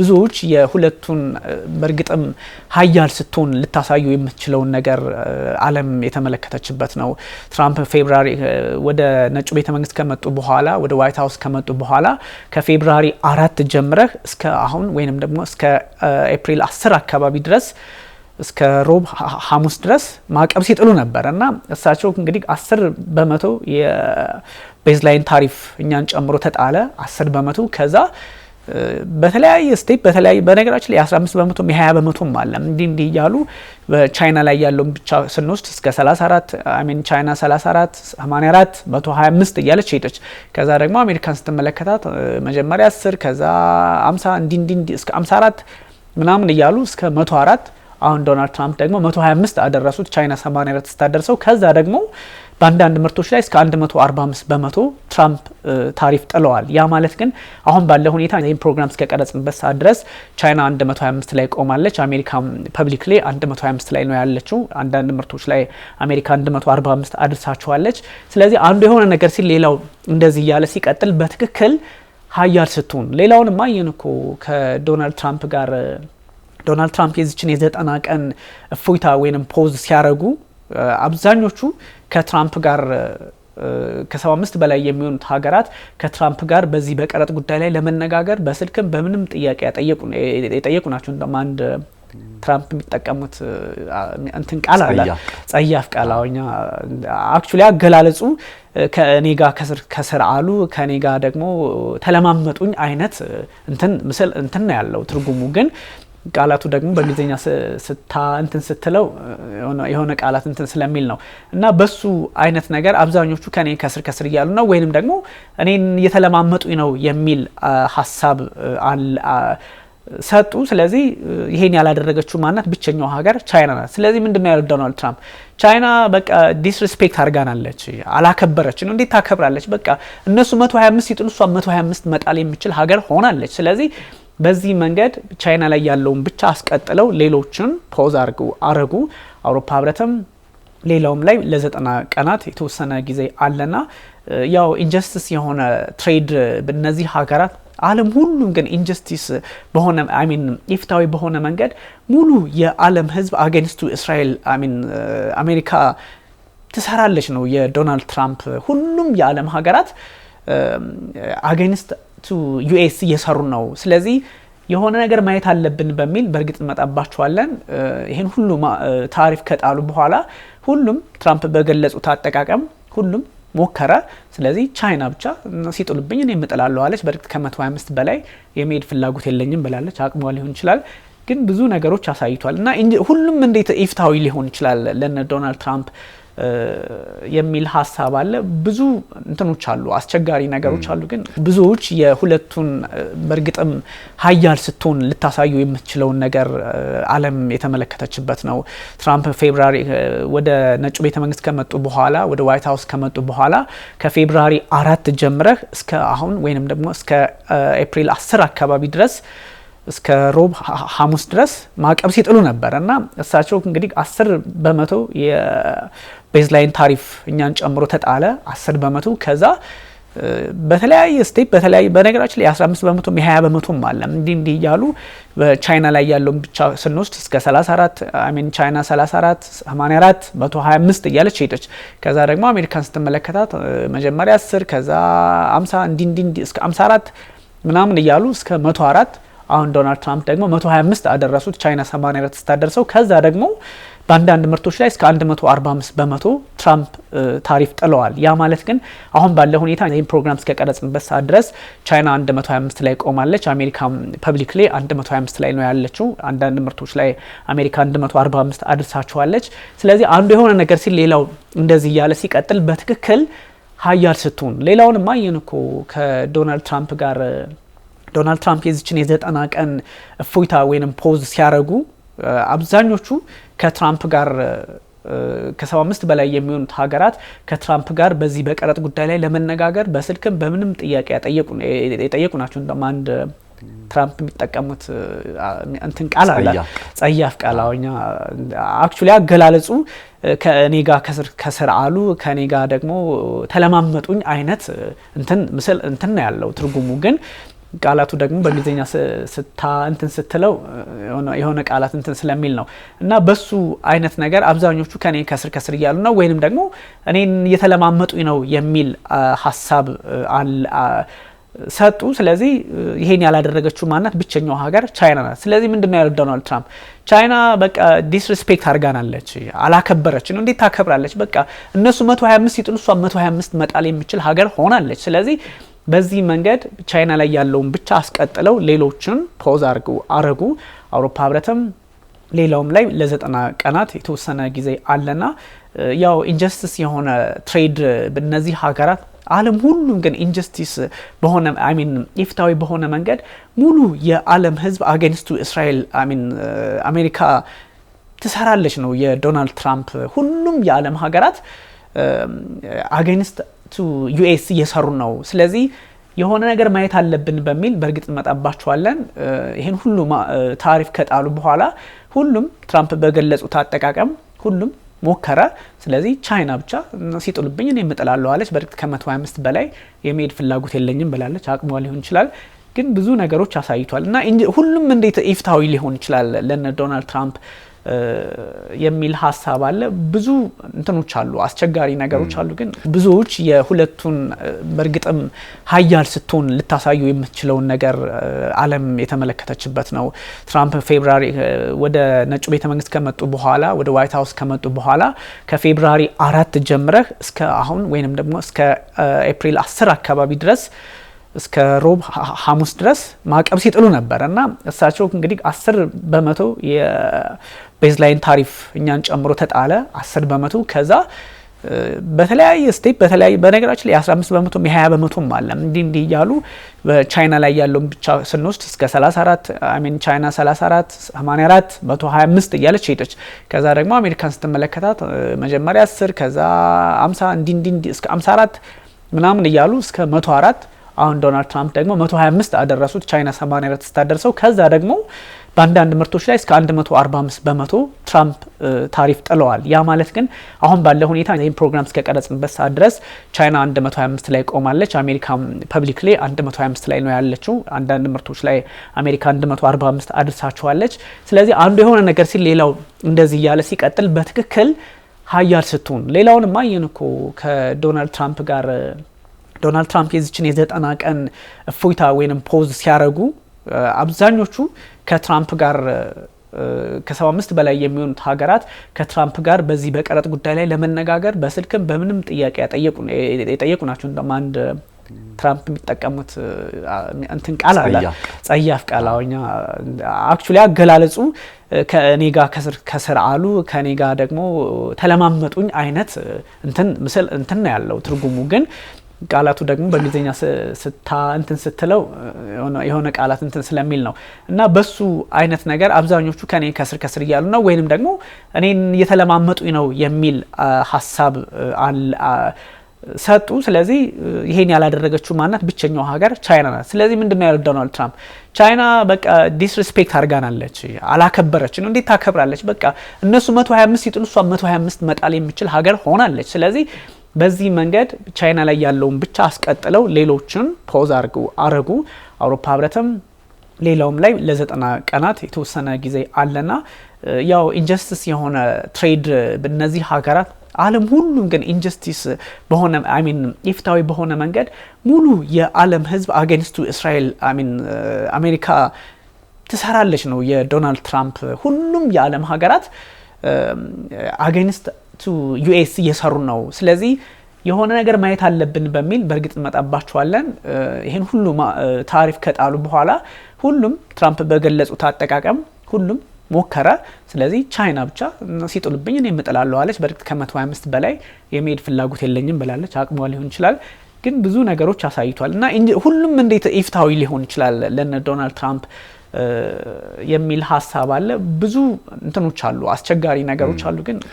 ብዙዎች የሁለቱን በእርግጥም ሀያል ስትሆን ልታሳዩ የምትችለውን ነገር አለም የተመለከተችበት ነው። ትራምፕ ፌብራሪ ወደ ነጩ ቤተ መንግስት ከመጡ በኋላ ወደ ዋይት ሀውስ ከመጡ በኋላ ከፌብራሪ አራት ጀምረህ እስከ አሁን ወይንም ደግሞ እስከ ኤፕሪል አስር አካባቢ ድረስ እስከ ሮብ ሐሙስ ድረስ ማዕቀብ ሲጥሉ ነበር እና እሳቸው እንግዲህ አስር በመቶ የቤዝላይን ታሪፍ እኛን ጨምሮ ተጣለ አስር በመቶ ከዛ በተለያየ ስቴፕ በተለያየ በነገራችን ላይ የ15 በመቶ የ20 በመቶም አለ እንዲህ እንዲህ እያሉ በቻይና ላይ ያለውን ብቻ ስንወስድ እስከ 34 አሜን ቻይና 34 84 125 እያለች ሄደች። ከዛ ደግሞ አሜሪካን ስትመለከታት መጀመሪያ 10 ከዛ 50 እንዲህ እንዲህ እስከ 54 ምናምን እያሉ እስከ 104 አሁን ዶናልድ ትራምፕ ደግሞ 125 አደረሱት። ቻይና 84 ስታደርሰው ከዛ ደግሞ በአንዳንድ ምርቶች ላይ እስከ 145 በመቶ ትራምፕ ታሪፍ ጥለዋል። ያ ማለት ግን አሁን ባለ ሁኔታ ይህን ፕሮግራም እስከቀረጽንበት ሰዓት ድረስ ቻይና 125 ላይ ቆማለች። አሜሪካ ፐብሊክ ላይ 125 ላይ ነው ያለችው። አንዳንድ ምርቶች ላይ አሜሪካ 145 አድርሳችኋለች። ስለዚህ አንዱ የሆነ ነገር ሲል ሌላው እንደዚህ እያለ ሲቀጥል በትክክል ሀያል ስትሆን ሌላውን ይህን እኮ ከዶናልድ ትራምፕ ጋር ዶናልድ ትራምፕ የዚችን የዘጠና ቀን እፎይታ ወይም ፖዝ ሲያደርጉ አብዛኞቹ ከትራምፕ ጋር ከሰባ አምስት በላይ የሚሆኑት ሀገራት ከትራምፕ ጋር በዚህ በቀረጥ ጉዳይ ላይ ለመነጋገር በስልክም በምንም ጥያቄ የጠየቁ ናቸው። እንደውም አንድ ትራምፕ የሚጠቀሙት እንትን ቃል አለ፣ ጸያፍ ቃል አሁኛ አክቹሊ አገላለጹ ከእኔ ጋር ከስር አሉ ከእኔ ጋር ደግሞ ተለማመጡኝ አይነት እንትን ምስል እንትን ያለው ትርጉሙ ግን ቃላቱ ደግሞ በእንግሊዝኛ ስታ እንትን ስትለው የሆነ ቃላት እንትን ስለሚል ነው እና በሱ አይነት ነገር አብዛኞቹ ከኔ ከስር ከስር እያሉ ነው ወይንም ደግሞ እኔን እየተለማመጡኝ ነው የሚል ሀሳብ ሰጡ። ስለዚህ ይሄን ያላደረገችው ማናት? ብቸኛው ሀገር ቻይና ናት። ስለዚህ ምንድን ነው ያሉት ዶናልድ ትራምፕ ቻይና በቃ ዲስሪስፔክት አድርጋናለች፣ አላከበረች ነው። እንዴት ታከብራለች? በቃ እነሱ 125 ሲጥሉ እሷ 125 መጣል የሚችል ሀገር ሆናለች። ስለዚህ በዚህ መንገድ ቻይና ላይ ያለውን ብቻ አስቀጥለው ሌሎችን ፖዝ አረጉ። አውሮፓ ህብረትም ሌላውም ላይ ለዘጠና ቀናት የተወሰነ ጊዜ አለና ያው ኢንጀስቲስ የሆነ ትሬድ እነዚህ ሀገራት አለም ሁሉም ግን ኢንጀስቲስ በሆነ ሚን ኢፍታዊ በሆነ መንገድ ሙሉ የዓለም ህዝብ አገንስቱ እስራኤል ሚን አሜሪካ ትሰራለች ነው የዶናልድ ትራምፕ ሁሉም የዓለም ሀገራት አገንስት ቱ ዩኤስ እየሰሩ ነው። ስለዚህ የሆነ ነገር ማየት አለብን በሚል በእርግጥ እንመጣባቸዋለን። ይህን ሁሉ ታሪፍ ከጣሉ በኋላ ሁሉም ትራምፕ በገለጹት አጠቃቀም ሁሉም ሞከረ። ስለዚህ ቻይና ብቻ ሲጥሉብኝ እኔ የምጥላለሁ አለች። በእርግጥ ከ125 በላይ የመሄድ ፍላጎት የለኝም ብላለች። አቅሟ ሊሆን ይችላል ግን ብዙ ነገሮች አሳይቷል እና ሁሉም እንዴት ኢፍታዊ ሊሆን ይችላል ለነ ዶናልድ ትራምፕ የሚል ሀሳብ አለ። ብዙ እንትኖች አሉ፣ አስቸጋሪ ነገሮች አሉ። ግን ብዙዎች የሁለቱን በእርግጥም ሀያል ስትሆን ልታሳዩ የምትችለውን ነገር አለም የተመለከተችበት ነው። ትራምፕ ፌብራሪ ወደ ነጩ ቤተ መንግስት ከመጡ በኋላ ወደ ዋይት ሀውስ ከመጡ በኋላ ከፌብራሪ አራት ጀምረህ እስከ አሁን ወይንም ደግሞ እስከ ኤፕሪል አስር አካባቢ ድረስ እስከ ሮብ ሀሙስ ድረስ ማዕቀብ ሲጥሉ ነበር እና እሳቸው እንግዲህ አስር በመቶ ቤዝላይን ታሪፍ እኛን ጨምሮ ተጣለ 10 በመቶ ከዛ በተለያየ ስቴፕ በተለያየ በነገራችን ላይ 15 በመቶ የ20 በመቶ አለ እንዲህ እንዲህ እያሉ በቻይና ላይ ያለውን ብቻ ስንወስድ እስከ 34 አሜን ቻይና 34 84 125 እያለች ሄደች። ከዛ ደግሞ አሜሪካን ስትመለከታት መጀመሪያ 10 ከዛ 50 እንዲህ እንዲህ እስከ 54 ምናምን እያሉ እስከ 104 አሁን ዶናልድ ትራምፕ ደግሞ 125 አደረሱት። ቻይና 84 ስታደርሰው ከዛ ደግሞ በአንዳንድ ምርቶች ላይ እስከ 145 በመቶ ትራምፕ ታሪፍ ጥለዋል። ያ ማለት ግን አሁን ባለ ሁኔታ ይህ ፕሮግራም እስከቀረጽንበት ሰዓት ድረስ ቻይና 125 ላይ ቆማለች። አሜሪካ ፐብሊክ ላይ 125 ላይ ነው ያለችው። አንዳንድ ምርቶች ላይ አሜሪካ 145 አድርሳችኋለች። ስለዚህ አንዱ የሆነ ነገር ሲል ሌላው እንደዚህ እያለ ሲቀጥል በትክክል ሀያል ስትሆን ሌላውንማ ይህን እኮ ከዶናልድ ትራምፕ ጋር ዶናልድ ትራምፕ የዚችን የዘጠና ቀን እፎይታ ወይም ፖዝ ሲያደርጉ አብዛኞቹ ከትራምፕ ጋር ከ75 በላይ የሚሆኑት ሀገራት ከትራምፕ ጋር በዚህ በቀረጥ ጉዳይ ላይ ለመነጋገር በስልክም በምንም ጥያቄ የጠየቁ ናቸው። እንደውም አንድ ትራምፕ የሚጠቀሙት እንትን ቃል አለ፣ ጸያፍ ቃል አሁኛ አክቹሊ አገላለጹ ከእኔ ጋር ከስር አሉ ከእኔ ጋር ደግሞ ተለማመጡኝ አይነት እንትን ምስል እንትን ነው ያለው ትርጉሙ ግን ቃላቱ ደግሞ በእንግሊዝኛ ስታ እንትን ስትለው የሆነ ቃላት እንትን ስለሚል ነው እና በሱ አይነት ነገር አብዛኞቹ ከኔ ከስር ከስር እያሉ ነው ወይንም ደግሞ እኔን እየተለማመጡ ነው የሚል ሀሳብ ሰጡ። ስለዚህ ይሄን ያላደረገችው ማናት? ብቸኛው ሀገር ቻይና ናት። ስለዚህ ምንድን ነው ያሉት ዶናልድ ትራምፕ ቻይና በቃ ዲስሪስፔክት አድርጋናለች፣ አላከበረች ነው። እንዴት ታከብራለች? በቃ እነሱ 125 ሲጥሉ እሷ 125 መጣል የሚችል ሀገር ሆናለች። ስለዚህ በዚህ መንገድ ቻይና ላይ ያለውን ብቻ አስቀጥለው ሌሎችን ፖዝ አረጉ። አውሮፓ ህብረትም ሌላውም ላይ ለዘጠና ቀናት የተወሰነ ጊዜ አለና ያው ኢንጀስቲስ የሆነ ትሬድ በነዚህ ሀገራት አለም ሁሉም ግን ኢንጀስቲስ በሆነ ሚን ኢፍታዊ በሆነ መንገድ ሙሉ የዓለም ህዝብ አገንስቱ እስራኤል ሚን አሜሪካ ትሰራለች ነው የዶናልድ ትራምፕ ሁሉም የዓለም ሀገራት አገንስት ዩኤስ እየሰሩ ነው። ስለዚህ የሆነ ነገር ማየት አለብን በሚል በእርግጥ እንመጣባቸዋለን። ይህን ሁሉ ታሪፍ ከጣሉ በኋላ ሁሉም ትራምፕ በገለጹት አጠቃቀም ሁሉም ሞከረ። ስለዚህ ቻይና ብቻ ሲጥሉብኝ እኔ እምጥላለሁ አለች። በእርግጥ ከ125 በላይ የመሄድ ፍላጎት የለኝም ብላለች። አቅሟ ሊሆን ይችላል ግን ብዙ ነገሮች አሳይቷል እና ሁሉም እንዴት ኢፍታዊ ሊሆን ይችላል ለነ ዶናልድ ትራምፕ የሚል ሀሳብ አለ። ብዙ እንትኖች አሉ፣ አስቸጋሪ ነገሮች አሉ። ግን ብዙዎች የሁለቱን በእርግጥም ሀያል ስትሆን ልታሳዩ የምትችለውን ነገር ዓለም የተመለከተችበት ነው። ትራምፕ ፌብራሪ ወደ ነጩ ቤተ መንግስት ከመጡ በኋላ ወደ ዋይት ሀውስ ከመጡ በኋላ ከፌብራሪ አራት ጀምረህ እስከ አሁን ወይንም ደግሞ እስከ ኤፕሪል አስር አካባቢ ድረስ እስከ ሮብ ሐሙስ ድረስ ማዕቀብ ሲጥሉ ነበር እና እሳቸው እንግዲህ አስር በመቶ ቤዝላይን ታሪፍ እኛን ጨምሮ ተጣለ 10 በመቶ ከዛ በተለያየ ስቴፕ በተለያየ በነገራችን ላይ 15 በመቶ የ20 በመቶም አለ። እንዲህ እንዲህ እያሉ በቻይና ላይ ያለውን ብቻ ስንወስድ እስከ 34 አሜን ቻይና 34 84 125 እያለች ሄደች። ከዛ ደግሞ አሜሪካን ስትመለከታት መጀመሪያ 10 ከዛ 50 እንዲህ እንዲህ እስከ 54 ምናምን እያሉ እስከ 104 አሁን ዶናልድ ትራምፕ ደግሞ 125 አደረሱት። ቻይና 84 ስታደርሰው ከዛ ደግሞ በአንዳንድ ምርቶች ላይ እስከ 145 በመቶ ትራምፕ ታሪፍ ጥለዋል። ያ ማለት ግን አሁን ባለ ሁኔታ ይህ ፕሮግራም እስከቀረጽንበት ሰዓት ድረስ ቻይና 125 ላይ ቆማለች። አሜሪካ ፐብሊክ ላይ 125 ላይ ነው ያለችው። አንዳንድ ምርቶች ላይ አሜሪካ 145 አድርሳችኋለች። ስለዚህ አንዱ የሆነ ነገር ሲል ሌላው እንደዚህ እያለ ሲቀጥል በትክክል ሀያል ስትሆን ሌላውንማ ይህን እኮ ከዶናልድ ትራምፕ ጋር ዶናልድ ትራምፕ የዚችን የዘጠና ቀን እፎይታ ወይም ፖዝ ሲያረጉ አብዛኞቹ ከትራምፕ ጋር ከሰባ አምስት በላይ የሚሆኑት ሀገራት ከትራምፕ ጋር በዚህ በቀረጥ ጉዳይ ላይ ለመነጋገር በስልክም በምንም ጥያቄ የጠየቁ ናቸው። እንደውም አንድ ትራምፕ የሚጠቀሙት እንትን ቃል አለ፣ ጸያፍ ቃል አሁኛ አክቹሊ አገላለጹ ከእኔ ጋር ከስር አሉ ከእኔ ጋር ደግሞ ተለማመጡኝ አይነት እንትን ምስል እንትን ያለው ትርጉሙ ግን ቃላቱ ደግሞ በእንግሊዝኛ ስታ እንትን ስትለው የሆነ ቃላት እንትን ስለሚል ነው እና በሱ አይነት ነገር አብዛኞቹ ከኔ ከስር ከስር እያሉ ነው ወይንም ደግሞ እኔን እየተለማመጡኝ ነው የሚል ሀሳብ ሰጡ። ስለዚህ ይሄን ያላደረገችው ማናት? ብቸኛው ሀገር ቻይና ናት። ስለዚህ ምንድነው ያሉት ዶናልድ ትራምፕ ቻይና በቃ ዲስሪስፔክት አርጋናለች አላከበረች እንዴት ታከብራለች? በቃ እነሱ 125 ሲጥሉ እሷ 125 መጣል የሚችል ሀገር ሆናለች። ስለዚህ በዚህ መንገድ ቻይና ላይ ያለውን ብቻ አስቀጥለው ሌሎችን ፖዝ አረጉ። አውሮፓ ህብረትም ሌላውም ላይ ለዘጠና ቀናት የተወሰነ ጊዜ አለና ያው ኢንጀስቲስ የሆነ ትሬድ በነዚህ ሀገራት አለም ሁሉም ግን ኢንጀስቲስ በሆነ ሚን ኢፍታዊ በሆነ መንገድ ሙሉ የአለም ህዝብ አገንስቱ እስራኤል ሚን አሜሪካ ትሰራለች ነው የዶናልድ ትራምፕ ሁሉም የዓለም ሀገራት አገንስት ዩኤስ እየሰሩ ነው። ስለዚህ የሆነ ነገር ማየት አለብን በሚል በእርግጥ እንመጣባቸዋለን። ይህን ሁሉ ታሪፍ ከጣሉ በኋላ ሁሉም ትራምፕ በገለጹት አጠቃቀም ሁሉም ሞከረ። ስለዚህ ቻይና ብቻ ሲጥሉብኝ እኔ ምጥላለዋለች በእርግጥ ከ125 በላይ የመሄድ ፍላጎት የለኝም ብላለች። አቅሟ ሊሆን ይችላል ግን ብዙ ነገሮች አሳይቷል እና ሁሉም እንዴት ኢፍታዊ ሊሆን ይችላል ለነ ዶናልድ ትራምፕ የሚል ሀሳብ አለ። ብዙ እንትኖች አሉ፣ አስቸጋሪ ነገሮች አሉ ግን